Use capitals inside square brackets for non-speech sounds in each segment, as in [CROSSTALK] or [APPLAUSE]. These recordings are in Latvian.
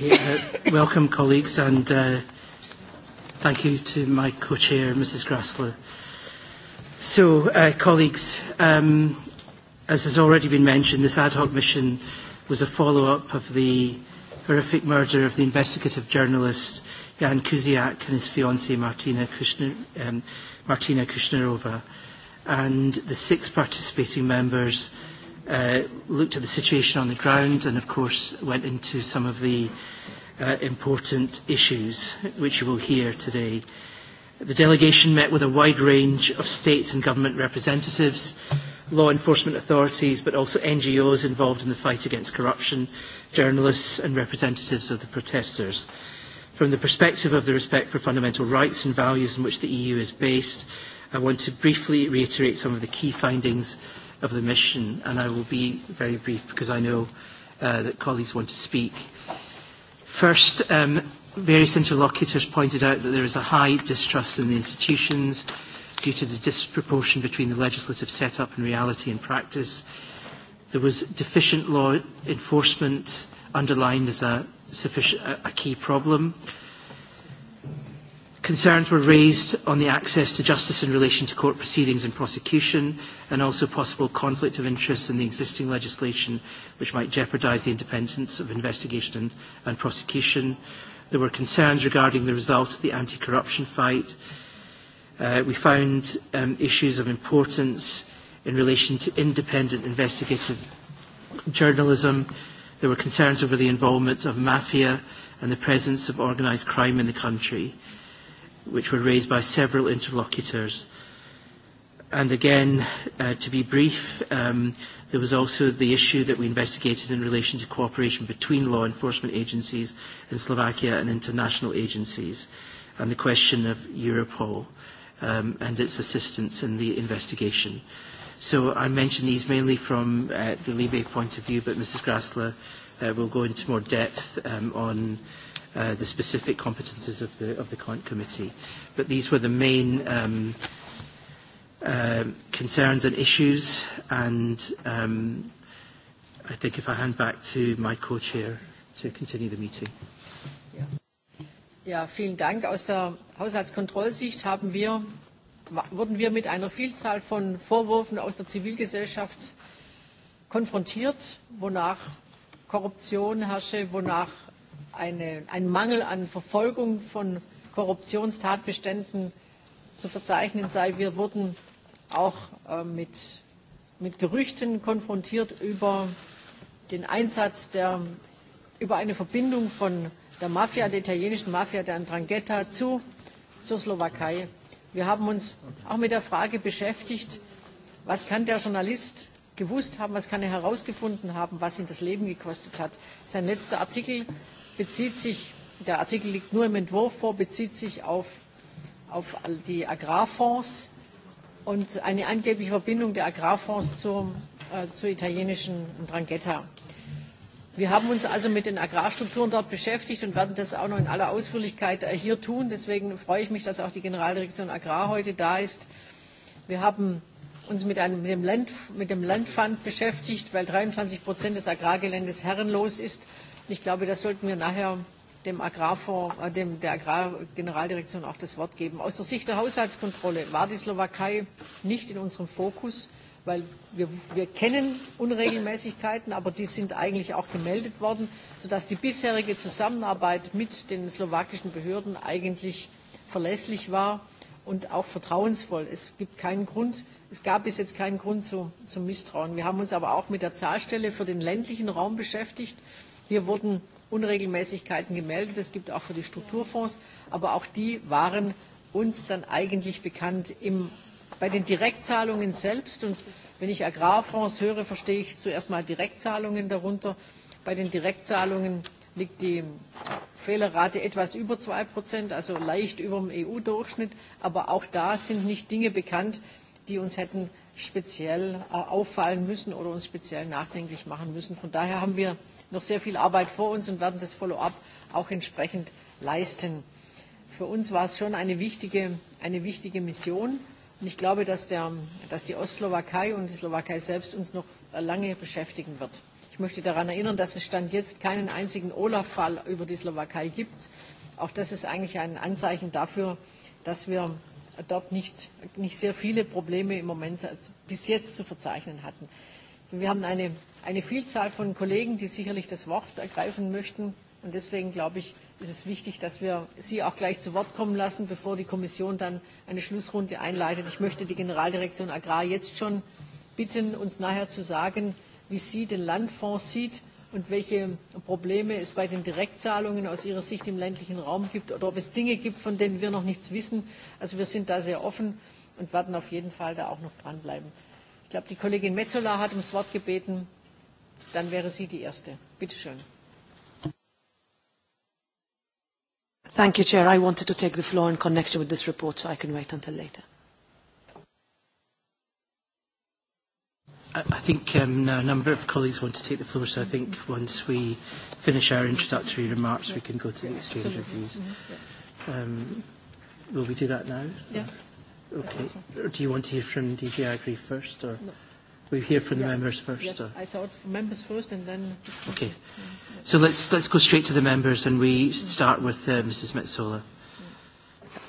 Uh, welcome, colleagues, and uh, thank you to my co-chair, Mrs. Grassler. So, uh, colleagues, um, as has already been mentioned, this ad hoc mission was a follow-up of the horrific murder of the investigative journalist Jan Kuziak and his fiancée Martina, Kushner, um, Martina Kushnerova, and the six participating members uh, looked at the situation on the ground and, of course, went into some of the uh, important issues which you will hear today. The delegation met with a wide range of state and government representatives, law enforcement authorities, but also NGOs involved in the fight against corruption, journalists and representatives of the protesters. From the perspective of the respect for fundamental rights and values in which the EU is based, I want to briefly reiterate some of the key findings of the mission, and I will be very brief because I know uh, that colleagues want to speak. First, um, various interlocutors pointed out that there is a high distrust in the institutions due to the disproportion between the legislative setup and reality and practice. There was deficient law enforcement underlined as a, sufficient, a, a key problem. Uh, Concerns were raised on the access to justice in relation to court proceedings and prosecution, and also possible conflict of interest in the existing legislation, which might jeopardise the independence of investigation and, and prosecution. There were concerns regarding the result of the anti-corruption fight. Uh, we found um, issues of importance in relation to independent investigative journalism. There were concerns over the involvement of mafia and the presence of organised crime in the country. Uh, which were raised by several interlocutors. And again, uh, to be brief, um, there was also the issue that we investigated in relation to cooperation between law enforcement agencies in Slovakia and international agencies, and the question of Europol um, and its assistance in the investigation. So I mention these mainly from uh, the Libe point of view, but Mrs. Grassler uh, will go into more depth um, on uh, uh, the specific competences of the, of the Cont Committee. But these were the main um, uh, concerns and issues, and um, I think if I hand back to my co-chair to continue the meeting. Yeah. Ja, vielen Dank. Aus der Haushaltskontrollsicht haben wir, wurden wir mit einer Vielzahl von Vorwürfen aus der Zivilgesellschaft konfrontiert, wonach Korruption herrsche, wonach eine, ein Mangel an Verfolgung von Korruptionstatbeständen zu verzeichnen sei. Wir wurden auch äh, mit, mit Gerüchten konfrontiert über den Einsatz der, über eine Verbindung von der Mafia, der italienischen Mafia, der Andrangheta zu, zur Slowakei. Wir haben uns auch mit der Frage beschäftigt, was kann der Journalist gewusst haben, was kann er herausgefunden haben, was ihn das Leben gekostet hat. Sein letzter Artikel bezieht sich, der Artikel liegt nur im Entwurf vor, bezieht sich auf, auf die Agrarfonds und eine angebliche Verbindung der Agrarfonds zur, äh, zur italienischen Drangheta. Wir haben uns also mit den Agrarstrukturen dort beschäftigt und werden das auch noch in aller Ausführlichkeit äh, hier tun. Deswegen freue ich mich, dass auch die Generaldirektion Agrar heute da ist. Wir haben uns mit, einem, mit, dem Land, mit dem Landfund beschäftigt, weil 23 Prozent des Agrargeländes herrenlos ist Ich glaube, das sollten wir nachher dem Agrarfonds, äh, dem, der Agrargeneraldirektion auch das Wort geben. Aus der Sicht der Haushaltskontrolle war die Slowakei nicht in unserem Fokus, weil wir, wir kennen Unregelmäßigkeiten, aber die sind eigentlich auch gemeldet worden, sodass die bisherige Zusammenarbeit mit den slowakischen Behörden eigentlich verlässlich war und auch vertrauensvoll. Es gibt keinen Grund, es gab bis jetzt keinen Grund zu, zu Misstrauen. Wir haben uns aber auch mit der Zahlstelle für den ländlichen Raum beschäftigt Hier wurden Unregelmäßigkeiten gemeldet. Es gibt auch für die Strukturfonds, aber auch die waren uns dann eigentlich bekannt im, bei den Direktzahlungen selbst. Und wenn ich Agrarfonds höre, verstehe ich zuerst mal Direktzahlungen darunter. Bei den Direktzahlungen liegt die Fehlerrate etwas über 2%, also leicht über dem EU-Durchschnitt. Aber auch da sind nicht Dinge bekannt, die uns hätten speziell äh, auffallen müssen oder uns speziell nachdenklich machen müssen. Von daher haben wir noch sehr viel Arbeit vor uns und werden das Follow-up auch entsprechend leisten. Für uns war es schon eine wichtige, eine wichtige Mission. Und ich glaube, dass, der, dass die Ostslowakei und die Slowakei selbst uns noch lange beschäftigen wird. Ich möchte daran erinnern, dass es Stand jetzt keinen einzigen Olaf-Fall über die Slowakei gibt. Auch das ist eigentlich ein Anzeichen dafür, dass wir dort nicht, nicht sehr viele Probleme im Moment bis jetzt zu verzeichnen hatten. Wir haben eine, eine Vielzahl von Kollegen, die sicherlich das Wort ergreifen möchten. Und deswegen glaube ich, ist es wichtig, dass wir Sie auch gleich zu Wort kommen lassen, bevor die Kommission dann eine Schlussrunde einleitet. Ich möchte die Generaldirektion Agrar jetzt schon bitten, uns nachher zu sagen, wie sie den Landfonds sieht und welche Probleme es bei den Direktzahlungen aus ihrer Sicht im ländlichen Raum gibt oder ob es Dinge gibt, von denen wir noch nichts wissen. Also wir sind da sehr offen und werden auf jeden Fall da auch noch dranbleiben. Ich glaube, die Kollegin Metzola hat ums Wort gebeten. Dann wäre sie die Erste. Bitte schön. Thank you, Chair. I wanted to take the floor in connection with this report, so I can wait until later. I, I think um, now a number of colleagues want to take the floor, so I think once we finish our introductory remarks, yeah. we can go to the exchange yeah, of views. Mm -hmm. yeah. um, will we do that now? Yeah. Okay. Do you want to hear from DG Agri first, or no. we hear from the yeah. members first? Yes, or? I thought members first, and then. Okay. So let's let's go straight to the members, and we start with uh, Mrs. Metsola.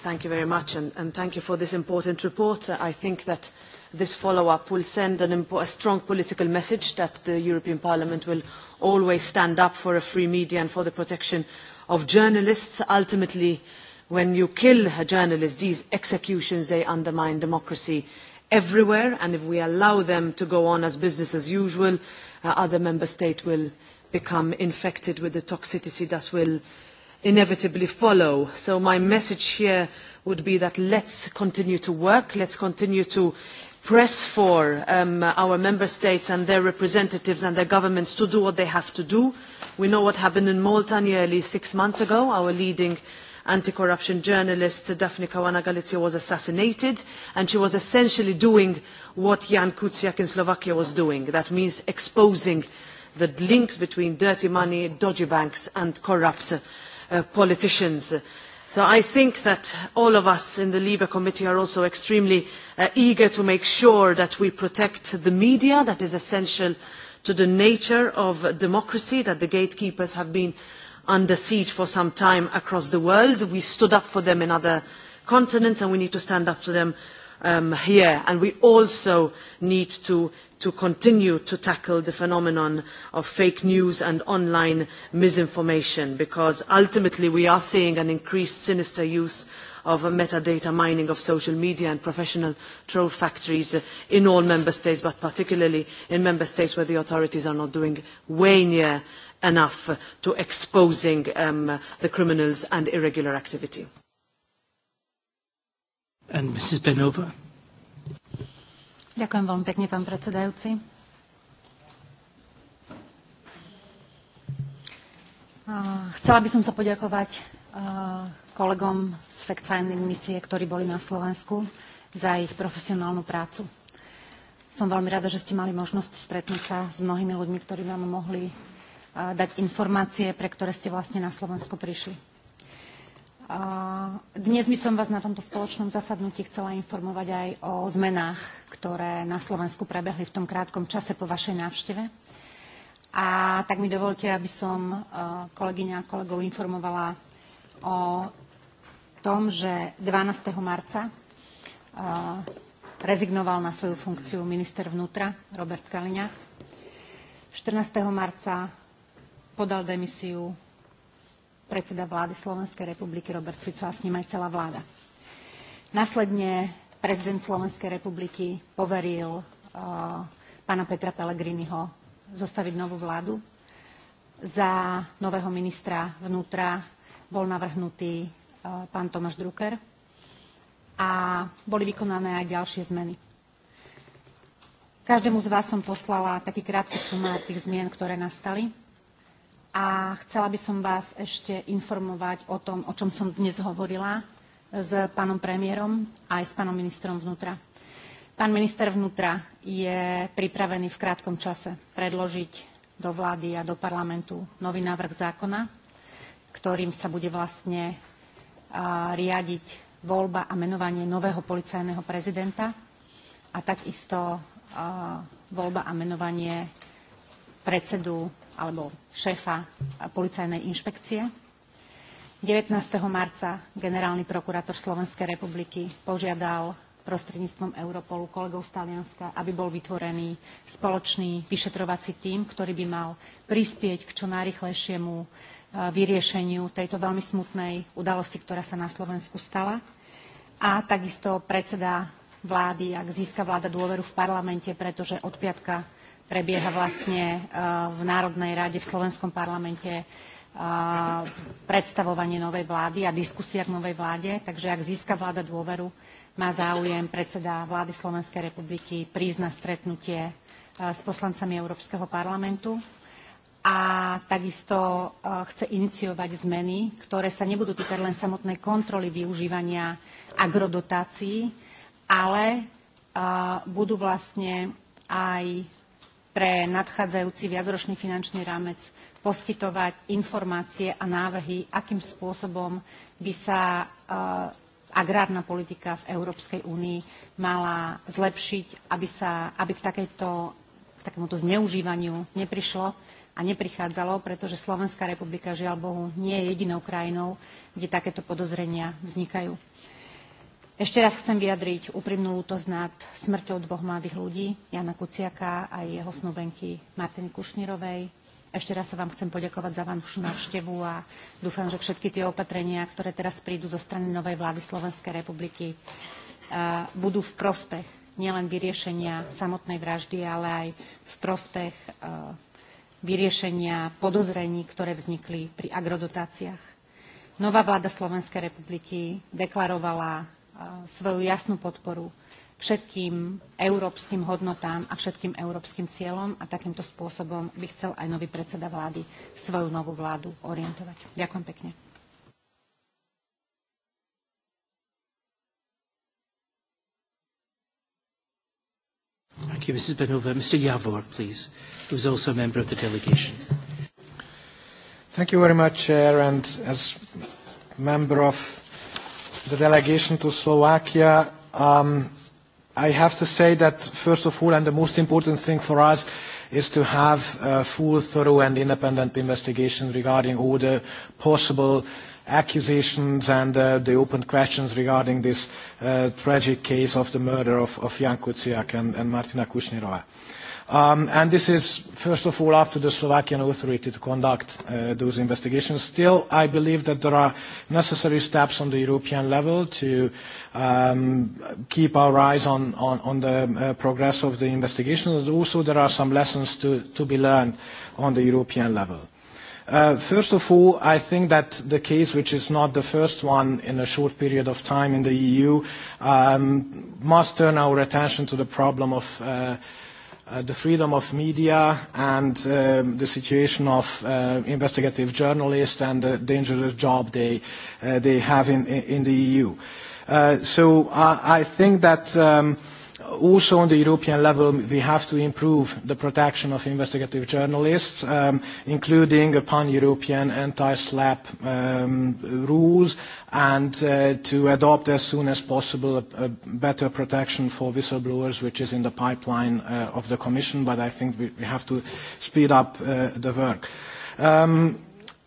Thank you very much, and, and thank you for this important report. Uh, I think that this follow-up will send an impo- a strong political message that the European Parliament will always stand up for a free media and for the protection of journalists. Ultimately, uh, when you kill a journalist, these executions, they undermine democracy everywhere, and if we allow them to go on as business as usual, uh, other member states will become infected with the toxicity that will inevitably follow. So my message here would be that let's continue to work, let's continue to press for um, our member states and their representatives and their governments to do what they have to do. We know what happened in Malta nearly six months ago. Our leading uh, anti-corruption journalist Daphne Caruana Galizia was assassinated, and she was essentially doing what Jan Kuciak in Slovakia was doing. That means exposing the links between dirty money, dodgy banks, and corrupt uh, politicians. So I think that all of us in the LIBE committee are also extremely uh, eager to make sure that we protect the media that is essential to the nature of democracy, that the gatekeepers have been uh, under siege for some time across the world. We stood up for them in other continents and we need to stand up to them um, here. And we also need to to continue to tackle the phenomenon of fake news and online misinformation because ultimately we are seeing an increased sinister use of metadata mining of social media and professional troll factories in all member states but particularly in member states where the authorities are not doing way near enough to exposing um, the criminals and irregular activity. And Mrs. Benova. Ďakujem veľmi pekne, pán predsedajúci. Chcela by som sa poďakovať kolegom z fact-finding misie, ktorí boli na Slovensku, za ich profesionálnu prácu. Som veľmi rada, že ste mali možnosť stretnúť sa s mnohými ľuďmi, ktorí vám mohli dať informácie, pre ktoré ste vlastne na Slovensko prišli. Dnes by som vás na tomto spoločnom zasadnutí chcela informovať aj o zmenách, ktoré na Slovensku prebehli v tom krátkom čase po vašej návšteve. A tak mi dovolte, aby som kolegyňa a kolegov informovala o tom, že 12. marca rezignoval na svoju funkciu minister vnútra Robert Kaliňák. 14. marca podal demisiu predseda vlády Slovenskej republiky Robert Fico a s ním aj celá vláda. Následne prezident Slovenskej republiky poveril uh, pána Petra Pellegriniho zostaviť novú vládu. Za nového ministra vnútra bol navrhnutý uh, pán Tomáš Drucker a boli vykonané aj ďalšie zmeny. Každému z vás som poslala taký krátky sumár tých zmien, ktoré nastali a chcela by som vás ešte informovať o tom, o čom som dnes hovorila s pánom premiérom a aj s pánom ministrom vnútra. Pán minister vnútra je pripravený v krátkom čase predložiť do vlády a do parlamentu nový návrh zákona, ktorým sa bude vlastne riadiť voľba a menovanie nového policajného prezidenta a takisto voľba a menovanie predsedu alebo šéfa policajnej inšpekcie. 19. marca generálny prokurátor Slovenskej republiky požiadal prostredníctvom Europolu kolegov z Talianska, aby bol vytvorený spoločný vyšetrovací tím, ktorý by mal prispieť k čo najrychlejšiemu e, vyriešeniu tejto veľmi smutnej udalosti, ktorá sa na Slovensku stala. A takisto predseda vlády, ak získa vláda dôveru v parlamente, pretože od piatka prebieha vlastne eh, v Národnej rade v Slovenskom parlamente eh, predstavovanie novej vlády a diskusia k novej vláde. Takže ak získa vláda dôveru, má záujem predseda vlády Slovenskej republiky prísť na stretnutie eh, s poslancami Európskeho parlamentu a takisto chce iniciovať zmeny, ktoré sa nebudú týkať len samotnej kontroly využívania agrodotácií, ale budú vlastne aj pre nadchádzajúci viacročný finančný rámec poskytovať informácie a návrhy, akým spôsobom by sa eh, agrárna politika v Európskej únii mala zlepšiť, aby, sa, aby k, takejto, k takémuto zneužívaniu neprišlo a neprichádzalo, pretože Slovenská republika, žiaľ Bohu, nie je jedinou krajinou, kde takéto podozrenia vznikajú. Ešte raz chcem vyjadriť úprimnú lútosť nad smrťou dvoch mladých ľudí, Jana Kuciaka a jeho snúbenky Martiny Kušnírovej. Ešte raz sa vám chcem poďakovať za vašu návštevu a dúfam, že všetky tie opatrenia, ktoré teraz prídu zo strany novej vlády Slovenskej republiky, e, budú v prospech nielen vyriešenia samotnej vraždy, ale aj v prospech e, vyriešenia podozrení, ktoré vznikli pri agrodotáciách. Nová vláda Slovenskej republiky deklarovala svoju jasnú podporu všetkým európskym hodnotám a všetkým európskym cieľom a takýmto spôsobom by chcel aj nový predseda vlády svoju novú vládu orientovať. Ďakujem pekne. Thank you, Mrs. Benova. Mr. Yavor, please, who is also a member of the delegation. Thank you very much, Chair, and as member of the delegation to Slovakia. Um, I have to say that, first of all, and the most important thing for us, is to have a uh, full, thorough, and independent investigation regarding all the possible accusations and uh, the open questions regarding this uh, tragic case of the murder of, of Jan Kuciak and, and Martina Kushnirova. Uh, Um, and this is, first of all, up to the Slovakian authority to conduct uh, those investigations. Still, I believe that there are necessary steps on the European level to um, keep our eyes on, on, on the uh, progress of the investigation. And also, there are some lessons to, to be learned on the European level. Uh, first of all, I think that the case, which is not the first one in a short period of time in the EU, um, must turn our attention to the problem of uh, uh, the freedom of media and um, the situation of uh, investigative journalists and the dangerous job they, uh, they have in, in the EU. Uh, so I, I think that um, uh, also on the European level, we have to improve the protection of investigative journalists, um, including upon European anti-SLAP um, rules, and uh, to adopt as soon as possible a, a better protection for whistleblowers, which is in the pipeline uh, of the Commission, but I think we, we have to speed up uh, the work. Um,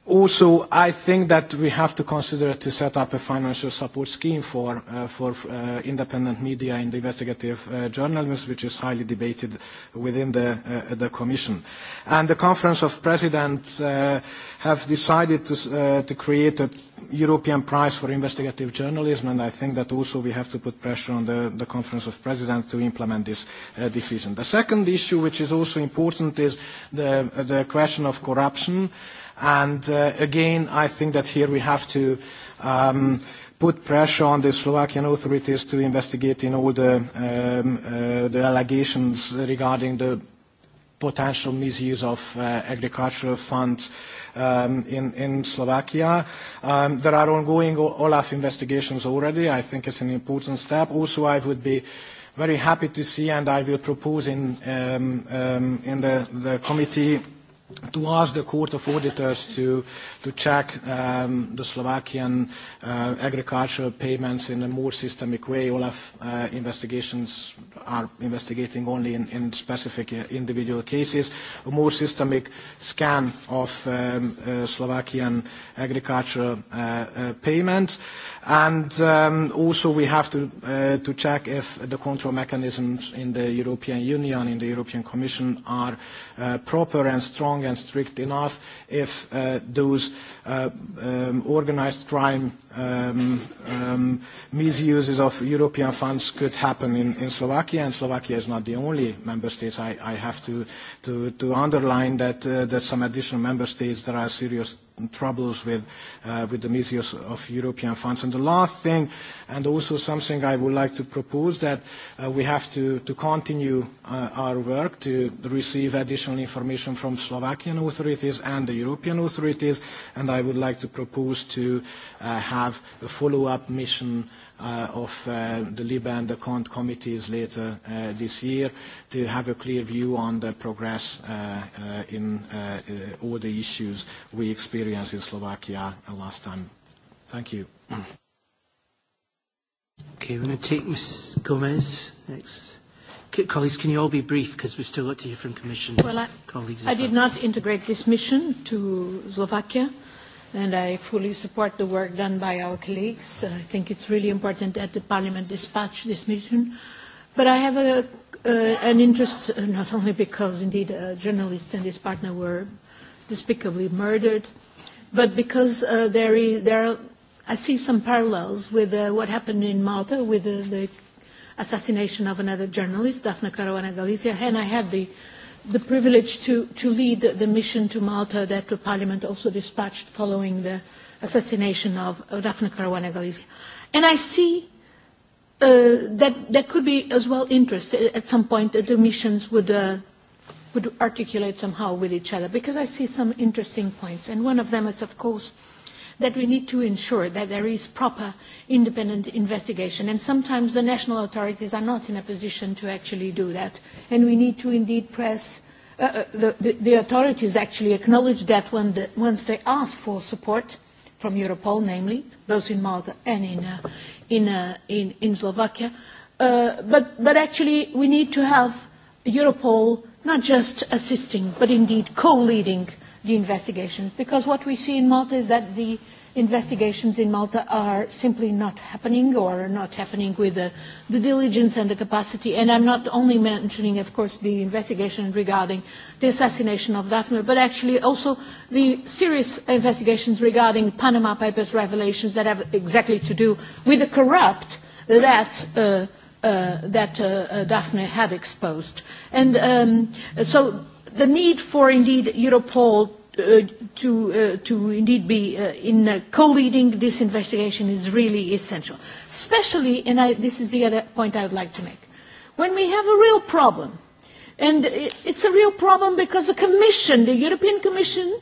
Also, I think that we have to consider to set up a financial support scheme for, uh, for uh, independent media and investigative uh, journalism, which is highly debated within the, uh, the Commission. And the Conference of Presidents uh, have decided to, uh, to create a European Prize for Investigative Journalism, and I think that also we have to put pressure on the, the Conference of Presidents to implement this uh, decision. The second issue, which is also important, is the, the question of corruption. Uh, And uh, again, I think that here we have to um, put pressure on the Slovakian authorities to investigate in all the, um, uh, the allegations regarding the potential misuse of uh, agricultural funds um, in, in Slovakia. Um, there are ongoing OLAF investigations already. I think it's an important step. Also, I would be very happy to see, and I will propose in, um, um, in the, the committee to ask the Court of Auditors to, to check um, the Slovakian uh, agricultural payments in a more systemic way. Olaf uh, investigations are investigating only in, in specific uh, individual cases. A more systemic scan of um, uh, Slovakian agricultural uh, uh, payments. And um, also we have to, uh, to check if the control mechanisms in the European Union, in the European Commission, are uh, proper and strong strong and strict enough if uh, those uh, um, organized crime um, um, misuses of European funds could happen in, in Slovakia, and Slovakia is not the only member states. I, I have to, to, to underline that, uh, that some additional member states, there are serious troubles with, uh, with the misuse of European funds. And the last thing, and also something I would like to propose, that uh, we have to, to continue uh, our work to receive additional information from Slovakian authorities and the European authorities, and I would like to propose to uh, have a follow-up mission uh, of uh, the LIBA and the CONT committees later uh, this year to have a clear view on the progress uh, uh, in uh, uh, all the issues we experienced in Slovakia last time. Thank you. Okay, we're going to take Ms. Gomez next. Colleagues, can you all be brief because we've still got to hear from Commission well, I, colleagues as I well. did not integrate this mission to Slovakia. Uh, and I fully support the work done by our colleagues. I think it's really important that the Parliament dispatch this mission. But I have a, uh, an interest, uh, not only because indeed a uh, journalist and his partner were despicably murdered, but because uh, there, is, there are, I see some parallels with uh, what happened in Malta with uh, the assassination of another journalist, Daphne Caruana Galizia, and I had the the privilege to, to lead the mission to Malta that the Parliament also dispatched following the assassination of Daphne Caruana Galizia. And I see uh, that there could be as well interest at some point that the missions would, uh, would articulate somehow with each other because I see some interesting points. And one of them is, of course, uh, that we need to ensure that there is proper independent investigation. And sometimes the national authorities are not in a position to actually do that. And we need to indeed press uh, uh, the, the, the authorities actually acknowledge that when the, once they ask for support from Europol, namely, both in Malta and in, uh, in, uh, in, in Slovakia. Uh, but, but actually, we need to have Europol not just assisting, but indeed co-leading uh, the investigations, because what we see in Malta is that the investigations in Malta are simply not happening or not happening with the, the diligence and the capacity. And I'm not only mentioning, of course, the investigation regarding the assassination of Daphne, but actually also the serious investigations regarding Panama Papers revelations that have exactly to do with the corrupt that uh, uh, that uh, uh Daphne had exposed. And um, so the need for indeed Europol uh, to, uh, to indeed be uh, in uh, co-leading this investigation is really essential. Especially, and I, this is the other point I would like to make, when we have a real problem, and it, it's a real problem because the Commission, the European Commission,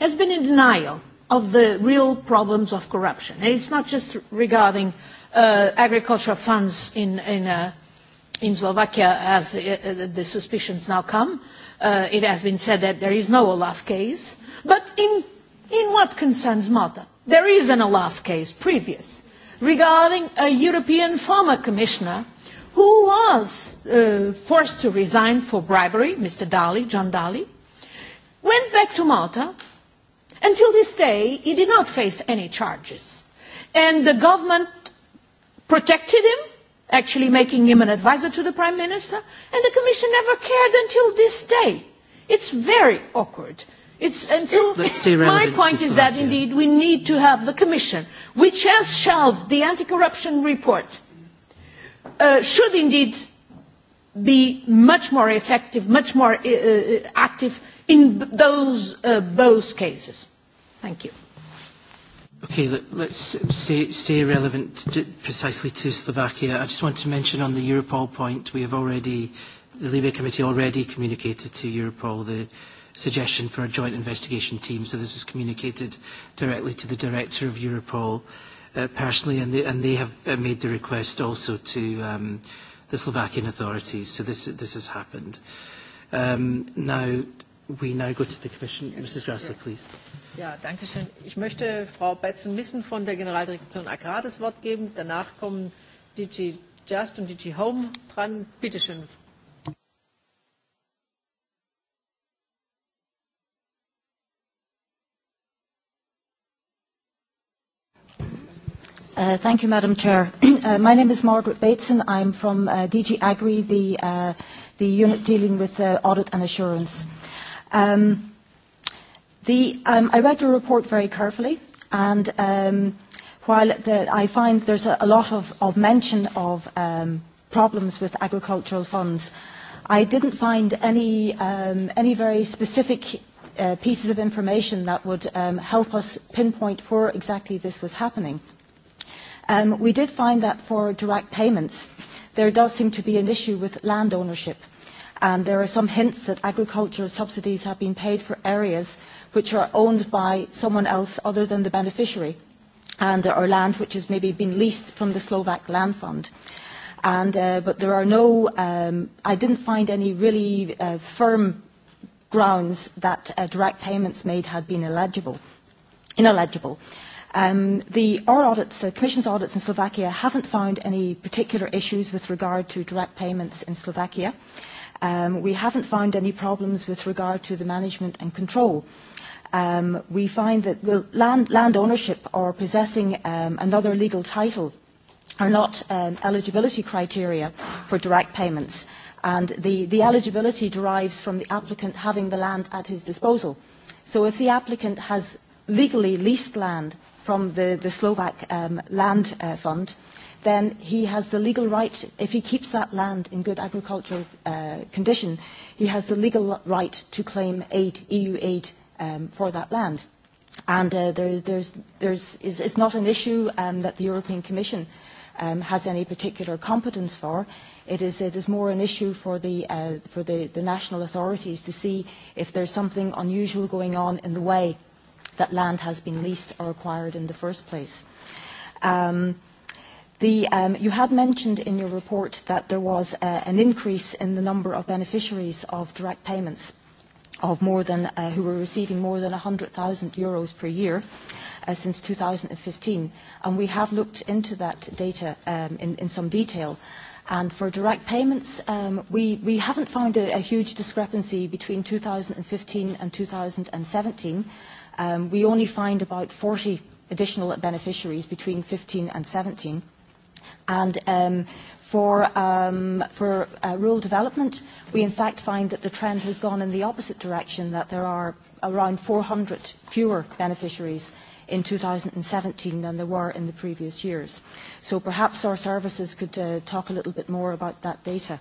has been in denial of the real problems of corruption. And it's not just regarding uh, agricultural funds in, in, uh, in Slovakia as uh, uh, the suspicions now come. Uh, it has been said that there is no Olaf case. But in, in what concerns Malta, there is an Olaf case previous regarding a European former commissioner who was uh, forced to resign for bribery, Mr. Daly, John Daly, went back to Malta. Until this day, he did not face any charges. And the government protected him actually making him an advisor to the Prime Minister, and the Commission never cared until this day. It's very awkward. It's until Let's stay my point is that, that indeed we need to have the Commission, which has shelved the anti-corruption report, uh, should indeed be much more effective, much more uh, uh active in those uh, both cases. Thank you. Okay, let, let's stay, stay relevant to, precisely to Slovakia. I just want to mention on the Europol point, we have already, the Libya Committee already communicated to Europol the suggestion for a joint investigation team. So this was communicated directly to the director of Europol uh, personally, and they, and they have uh, made the request also to um, the Slovakian authorities. So this, this has happened. Um, now, We now go to the Commission. Mrs. Grassler, please. Ja, danke schön. Ich möchte Frau Betzen-Missen von der Generaldirektion Agrar das Wort geben. Danach kommen DG Just und DG Home dran. Bitte schön. Uh, thank you, Madam Chair. [CLEARS THROAT] uh, my name is Margaret Bateson. I'm from uh, DG Agri, the, uh, the unit dealing with uh, audit and assurance. Uh, Um, the, um, I read your report very carefully, and um, while the, I find there's a, a lot of, of mention of um, problems with agricultural funds, I didn't find any, um, any very specific uh, pieces of information that would um, help us pinpoint where exactly this was happening. Um, we did find that for direct payments, there does seem to be an issue with land ownership – and there are some hints that agricultural subsidies have been paid for areas which are owned by someone else other than the beneficiary, and or land which has maybe been leased from the Slovak Land Fund. And, uh, but there are no, um, I didn't find any really uh, firm grounds that uh, direct payments made had been illegible, ineligible. ineligible. Um, the, our audits, the uh, Commission's audits in Slovakia haven't found any particular issues with regard to direct payments in Slovakia. Um, we haven't found any problems with regard to the management and control. Um, we find that well, land, land ownership or possessing um, another legal title are not um, eligibility criteria for direct payments, and the, the eligibility derives from the applicant having the land at his disposal. So if the applicant has legally leased land from the, the Slovak um, land uh, fund, then he has the legal right, if he keeps that land in good agricultural uh, condition, he has the legal right to claim aid, EU aid um, for that land. And uh, there, there's, there's, is, it's not an issue um, that the European Commission um, has any particular competence for. It is, it is more an issue for, the, uh, for the, the national authorities to see if there's something unusual going on in the way that land has been leased or acquired in the first place. Um, The, um, you had mentioned in your report that there was uh, an increase in the number of beneficiaries of direct payments of more than, uh, who were receiving more than 100,000 euros per year uh, since 2015. And we have looked into that data um, in, in some detail. And for direct payments, um, we, we haven't found a, a huge discrepancy between 2015 and 2017 Um, we only find about 40 additional beneficiaries between 15 and 17. And um, for, um, for uh, rural development, we in fact find that the trend has gone in the opposite direction, that there are around 400 fewer beneficiaries in 2017 than there were in the previous years. So perhaps our services could uh, talk a little bit more about that data.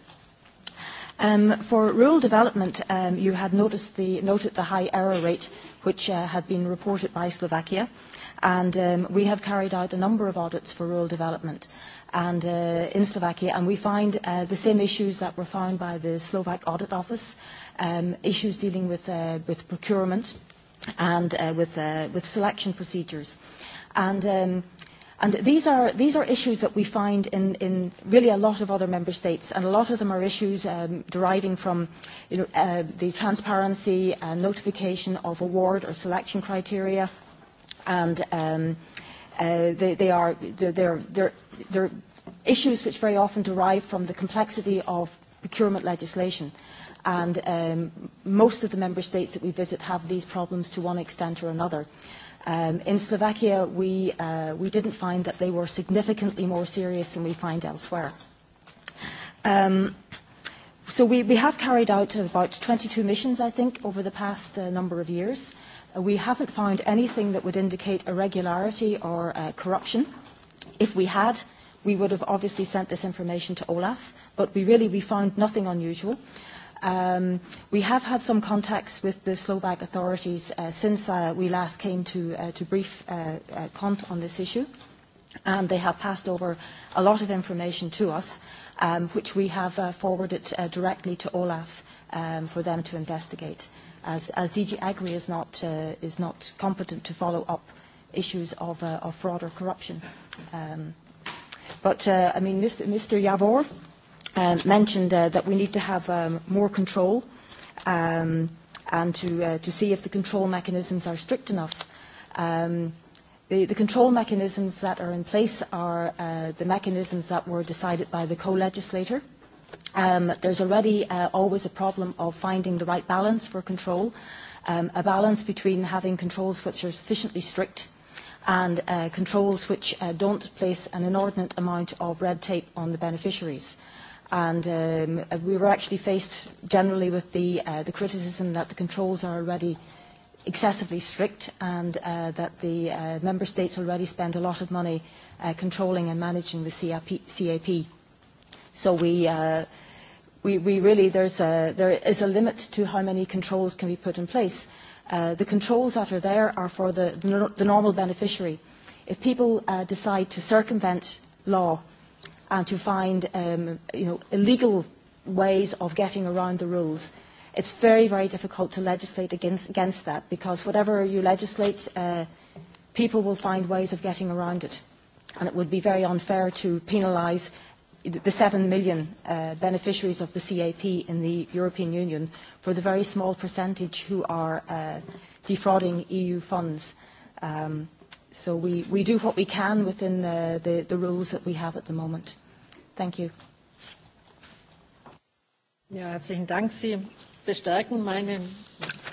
Um, for rural development, um, you had noticed the, noted the high error rate which uh, had been reported by Slovakia. And um, we have carried out a number of audits for rural development and uh, in Slovakia, and we find uh, the same issues that were found by the Slovak Audit Office, um, issues dealing with, uh, with procurement and uh, with, uh, with selection procedures. And um, And these are, these are issues that we find in, in really a lot of other member states, and a lot of them are issues um, deriving from you know, uh, the transparency and notification of award or selection criteria, and um, uh, they, they are they're, they're, they're, they're issues which very often derive from the complexity of procurement legislation. And um, most of the member states that we visit have these problems to one extent or another. Uh, Um, in Slovakia, we, uh, we didn't find that they were significantly more serious than we find elsewhere. Um, so we, we have carried out about 22 missions, I think, over the past uh, number of years. Uh, we haven't found anything that would indicate irregularity or uh, corruption. If we had, we would have obviously sent this information to Olaf, but we really we found nothing unusual. Uh, Um, we have had some contacts with the Slovak authorities uh, since uh, we last came to, uh, to brief uh, uh, Kant on this issue, and they have passed over a lot of information to us, um, which we have uh, forwarded uh, directly to Olaf um, for them to investigate, as, as DG Agri is not, uh, is not competent to follow up issues of, uh, of fraud or corruption. Um, but, uh, I mean, Mr. Mr. Yavor, um, mentioned uh, that we need to have um, more control um, and to, uh, to see if the control mechanisms are strict enough. Um, the, the control mechanisms that are in place are uh, the mechanisms that were decided by the co-legislator. Um, there's already uh, always a problem of finding the right balance for control, um, a balance between having controls which are sufficiently strict and uh, controls which uh, don't place an inordinate amount of red tape on the beneficiaries. Uh, And um, uh, we were actually faced generally with the, uh, the criticism that the controls are already excessively strict and uh, that the uh, member states already spend a lot of money uh, controlling and managing the CAP. CAP. So we, uh, we, we really, there's a, there is a limit to how many controls can be put in place. Uh, the controls that are there are for the, the normal beneficiary. If people uh, decide to circumvent law and to find um, you know, illegal ways of getting around the rules. It's very, very difficult to legislate against, against that because whatever you legislate, uh, people will find ways of getting around it. And it would be very unfair to penalise the 7 million uh, beneficiaries of the CAP in the European Union for the very small percentage who are uh, defrauding EU funds. Um, so we, we do what we can within the, the, the rules that we have at the moment. Thank you. Ja, herzlichen Dank. Sie bestärken meinen,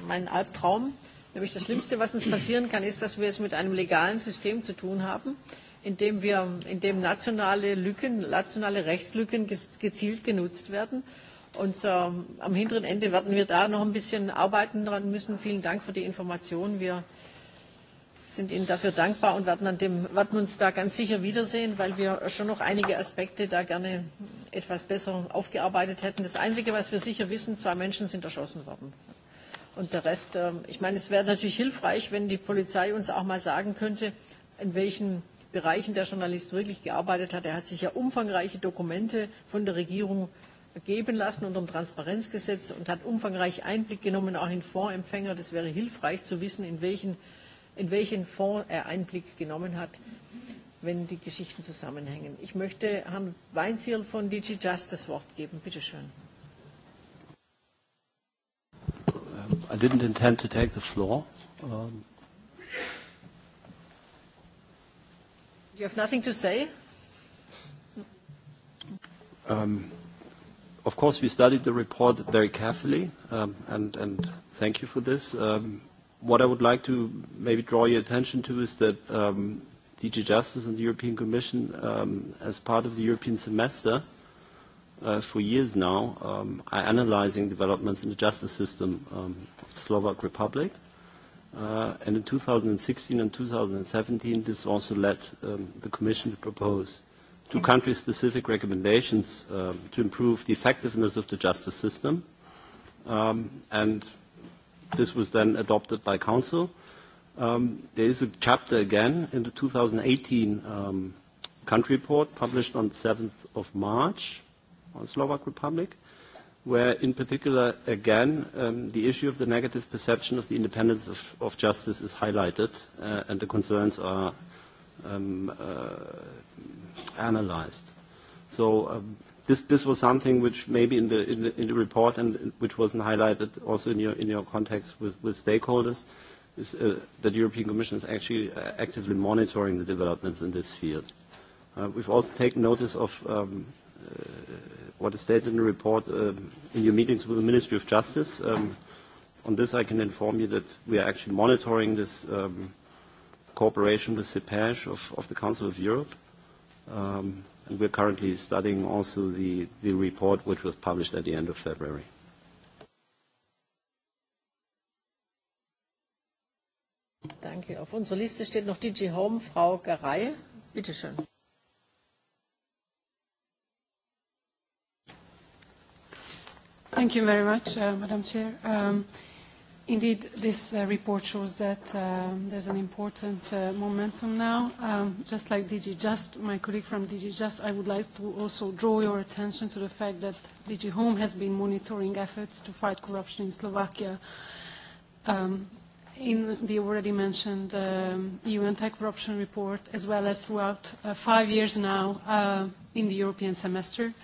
meinen Albtraum. Nämlich das Schlimmste, was uns passieren kann, ist, dass wir es mit einem legalen System zu tun haben, in dem, wir, in dem nationale Lücken, nationale Rechtslücken gezielt genutzt werden. Und äh, am hinteren Ende werden wir da noch ein bisschen arbeiten dran müssen. Vielen Dank für die Information. Wir äh, sind Ihnen dafür dankbar und werden, an dem, werden uns da ganz sicher wiedersehen, weil wir schon noch einige Aspekte da gerne etwas besser aufgearbeitet hätten. Das Einzige, was wir sicher wissen, zwei Menschen sind erschossen worden. Und der Rest, ähm, ich meine, es wäre natürlich hilfreich, wenn die Polizei uns auch mal sagen könnte, in welchen Bereichen der Journalist wirklich gearbeitet hat. Er hat sich ja umfangreiche Dokumente von der Regierung geben lassen unter dem um Transparenzgesetz und hat umfangreich Einblick genommen, auch in Fondsempfänger. Das wäre hilfreich zu wissen, in welchen äh, in welchen Fonds er Einblick genommen hat, wenn die Geschichten zusammenhängen. Ich möchte Herrn Weinziel von DG Just das Wort geben. Bitte schön. Um, I didn't intend to take the floor. Um, you have nothing to say? Um, of course, we studied the report very carefully, um, and, and thank you for this. Um, what I would like to maybe draw your attention to is that um, DG Justice and the European Commission, um, as part of the European semester, uh, for years now, um, are analyzing developments in the justice system um, of the Slovak Republic. Uh, and in 2016 and 2017, this also led um, the Commission to propose two country-specific recommendations um, to improve the effectiveness of the justice system. Um, and This was then adopted by Council. Um, there is a chapter again in the 2018 um, country report published on 7th of March on Slovak Republic, where in particular, again, um, the issue of the negative perception of the independence of, of justice is highlighted uh, and the concerns are um, uh, analyzed. So um, This, this was something which maybe in the, in the, in the report and which wasn't highlighted also in your, in your context with, with stakeholders, is uh, that European Commission is actually uh, actively monitoring the developments in this field. Uh, we've also taken notice of um, uh, what is stated in the report uh, in your meetings with the Ministry of Justice. Um, on this, I can inform you that we are actually monitoring this um, cooperation with CEPEJ of, of the Council of Europe. Um, we're currently studying also the, the report which was published at the end of February. Danke. Auf unserer Liste steht noch DG Home, Frau Garei. Bitte schön. Thank you very much, uh, Madam Chair. Um, Indeed, this uh, report shows that um, there's an important uh, momentum now. Um, just like DG Just, my colleague from DG Just, I would like to also draw your attention to the fact that DG Home has been monitoring efforts to fight corruption in Slovakia. Um, in the already mentioned um, EU anti-corruption report, as well as throughout uh, five years now uh, in the European semester. Uh,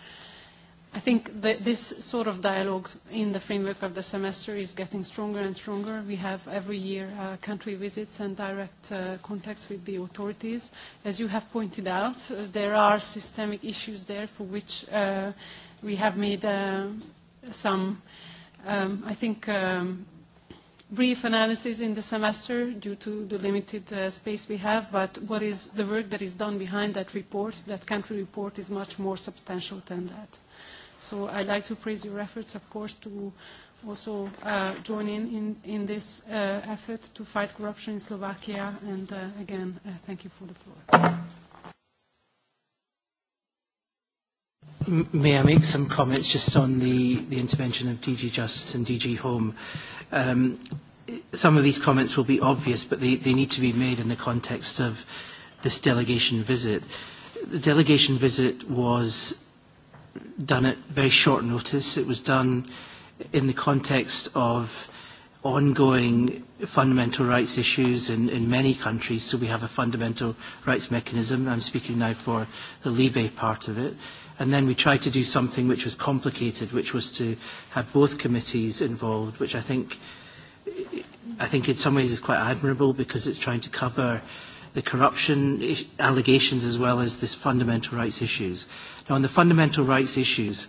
I think that this sort of dialogue in the framework of the semester is getting stronger and stronger. We have every year uh, country visits and direct uh, contacts with the authorities. As you have pointed out, uh, there are systemic issues there for which uh, we have made uh, some, um, I think, um, brief analysis in the semester due to the limited uh, space we have, but what is the work that is done behind that report, that country report, is much more substantial than that. So I'd like to praise your efforts, of course, to also uh, join in, in, in this uh, effort to fight corruption in Slovakia. And uh, again, uh, thank you for the floor. May I make some comments just on the, the intervention of DG Justice and DG Home? Um, some of these comments will be obvious, but they, they need to be made in the context of this delegation visit. The delegation visit was done at very short notice. It was done in the context of ongoing fundamental rights issues in, in many countries, so we have a fundamental rights mechanism. I'm speaking now for the Libe part of it. And then we tried to do something which was complicated, which was to have both committees involved, which I think, I think in some ways is quite admirable because it's trying to cover the corruption allegations as well as this fundamental rights issues. Now, on the fundamental rights issues,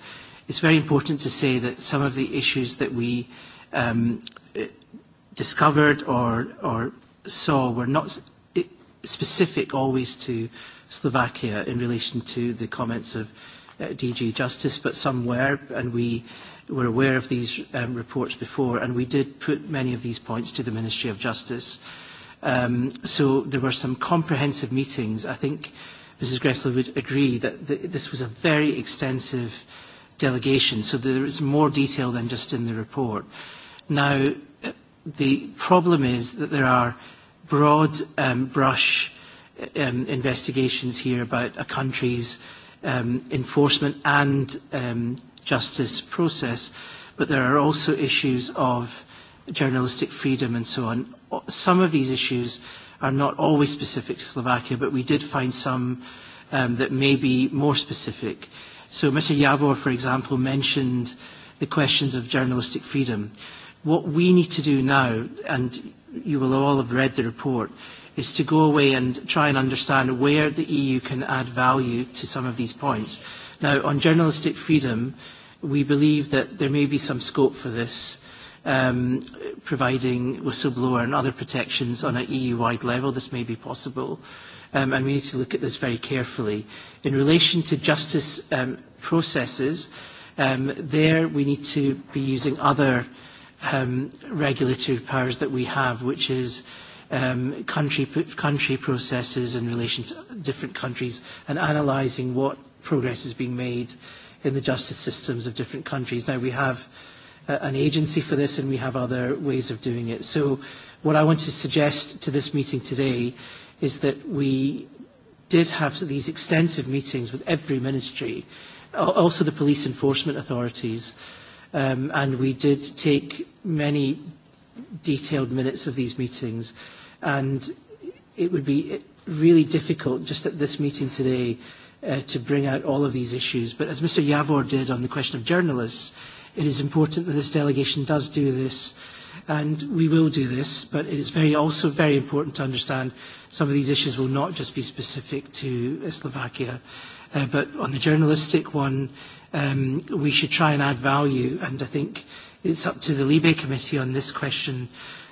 it's very important to say that some of the issues that we um, uh, discovered or, or saw were not specific always to Slovakia in relation to the comments of uh, DG Justice, but some were, and we were aware of these um, reports before, and we did put many of these points to the Ministry of Justice. Um, so there were some comprehensive meetings. I think uh, Mrs. Gressler would agree that th- this was a very extensive delegation, so there is more detail than just in the report. Now, uh, the problem is that there are broad um, brush uh, um, investigations here about a country's um, enforcement and um, justice process, but there are also issues of journalistic freedom and so on. Some of these issues are not always specific to Slovakia, but we did find some um, that may be more specific. So Mr. Yavor, for example, mentioned the questions of journalistic freedom. What we need to do now, and you will all have read the report, is to go away and try and understand where the EU can add value to some of these points. Now, on journalistic freedom, we believe that there may be some scope for this um, providing whistleblower and other protections on an EU-wide level. This may be possible, um, and we need to look at this very carefully. In relation to justice um, processes, um, there we need to be using other um, regulatory powers that we have, which is um, country, country processes in relation to different countries and analysing what progress is being made in the justice systems of different countries. Now, we have uh, an agency for this, and we have other ways of doing it. So what I want to suggest to this meeting today is that we did have these extensive meetings with every ministry, also the police enforcement authorities, um, and we did take many detailed minutes of these meetings. And it would be really difficult just at this meeting today uh, to bring out all of these issues. But as Mr. Yavor did on the question of journalists, uh, it is important that this delegation does do this. And we will do this, but it is very, also very important to understand some of these issues will not just be specific to Slovakia. Uh, but on the journalistic one, um, we should try and add value. And I think it's up to the Libe Committee on this question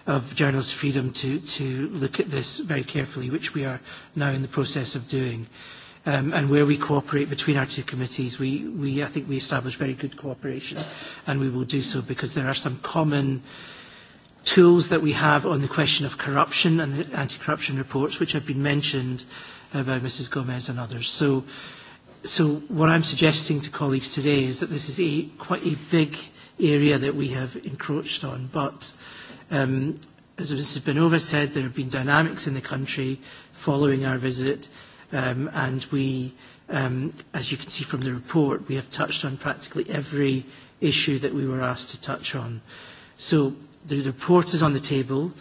of journalist freedom to, to look at this very carefully, which we are now in the process of doing. Uh, um, and where we cooperate between our two committees, we, we, I think we established very good cooperation, and we will do so because there are some common tools that we have on the question of corruption and the anti-corruption reports, which have been mentioned uh, by Mrs Gomez and others. So, so what I'm suggesting to colleagues today is that this is a, quite a big area that we have encroached on, but um, as Mrs Benova said, there have been dynamics in the country following our visit, Um, and we, um, as you can see from the report, we have touched on practically every issue that we were asked to touch on. So the, the report is on the table.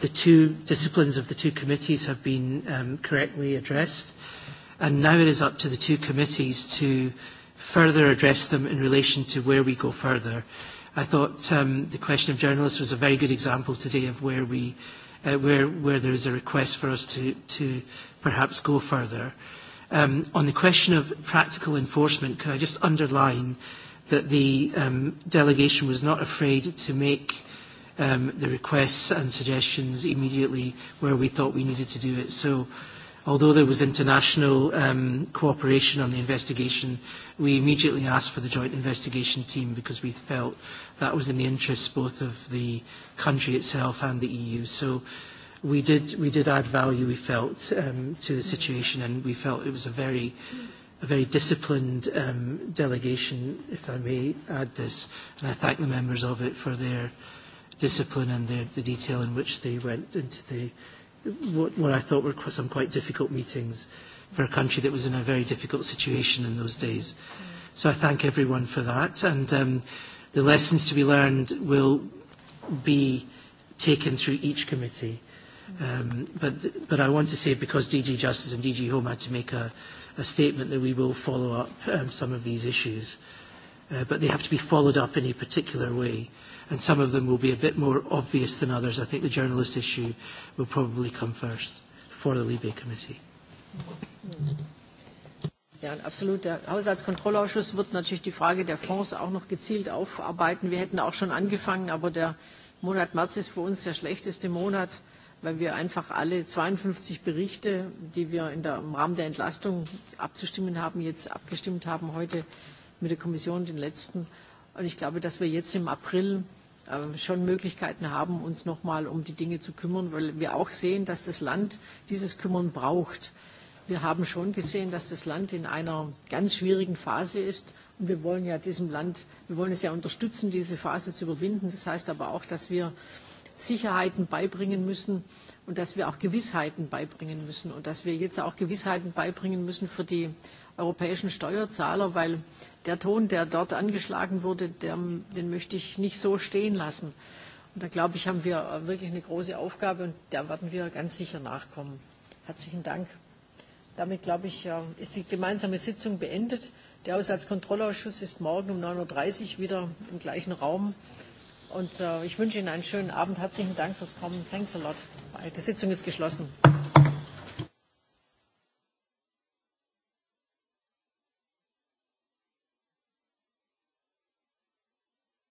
The two disciplines of the two committees have been um, correctly addressed. And now it is up to the two committees to further address them in relation to where we go further. I thought um, the question of journalists was a very good example today of where we, uh, where, where there is a request for us to, to perhaps go further. Um, on the question of practical enforcement, could I just underline that the um, delegation was not afraid to make um, the requests and suggestions immediately where we thought we needed to do it. So although there was international um, cooperation on the investigation, we immediately asked for the joint investigation team because we felt that was in the interests both of the country itself and the EU. So we did we did add value. We felt um, to the situation, and we felt it was a very a very disciplined um, delegation, if I may add this, and I thank the members of it for their discipline and their, the detail in which they went into the what, what I thought were some quite difficult meetings for a country that was in a very difficult situation in those days. So I thank everyone for that, and um, the lessons to be learned will be taken through each committee Um, but, but I want to say, because DG Justice and DG Home had to make a, a statement, that we will follow up um, some of these issues. Uh, but they have to be followed up in a particular way. And some of them will be a bit more obvious than others. I think the journalist issue will probably come first for the Libe Committee. Ja, absolut. Der Haushaltskontrollausschuss wird natürlich die Frage der Fonds auch noch gezielt aufarbeiten. Wir hätten auch schon angefangen, aber der Monat März ist für uns der schlechteste Monat. Äh, weil wir einfach alle 52 Berichte, die wir in der, im Rahmen der Entlastung abzustimmen haben, jetzt abgestimmt haben heute mit der Kommission, den letzten. Und ich glaube, dass wir jetzt im April äh, schon Möglichkeiten haben, uns nochmal um die Dinge zu kümmern, weil wir auch sehen, dass das Land dieses Kümmern braucht. Wir haben schon gesehen, dass das Land in einer ganz schwierigen Phase ist. Und wir wollen ja diesem Land, wir wollen es ja unterstützen, diese Phase zu überwinden. Das heißt aber auch, dass wir äh, Sicherheiten beibringen müssen und dass wir auch Gewissheiten beibringen müssen und dass wir jetzt auch Gewissheiten beibringen müssen für die europäischen Steuerzahler, weil der Ton, der dort angeschlagen wurde, der, den möchte ich nicht so stehen lassen. Und da glaube ich, haben wir wirklich eine große Aufgabe und da werden wir ganz sicher nachkommen. Herzlichen Dank. Damit, glaube ich, äh, ist die gemeinsame Sitzung beendet. Der Haushaltskontrollausschuss ist morgen um 9.30 Uhr wieder im gleichen Raum. Und äh, ich wünsche Ihnen einen schönen Abend. Herzlichen Dank fürs Kommen. Thanks a lot. Die Sitzung ist geschlossen.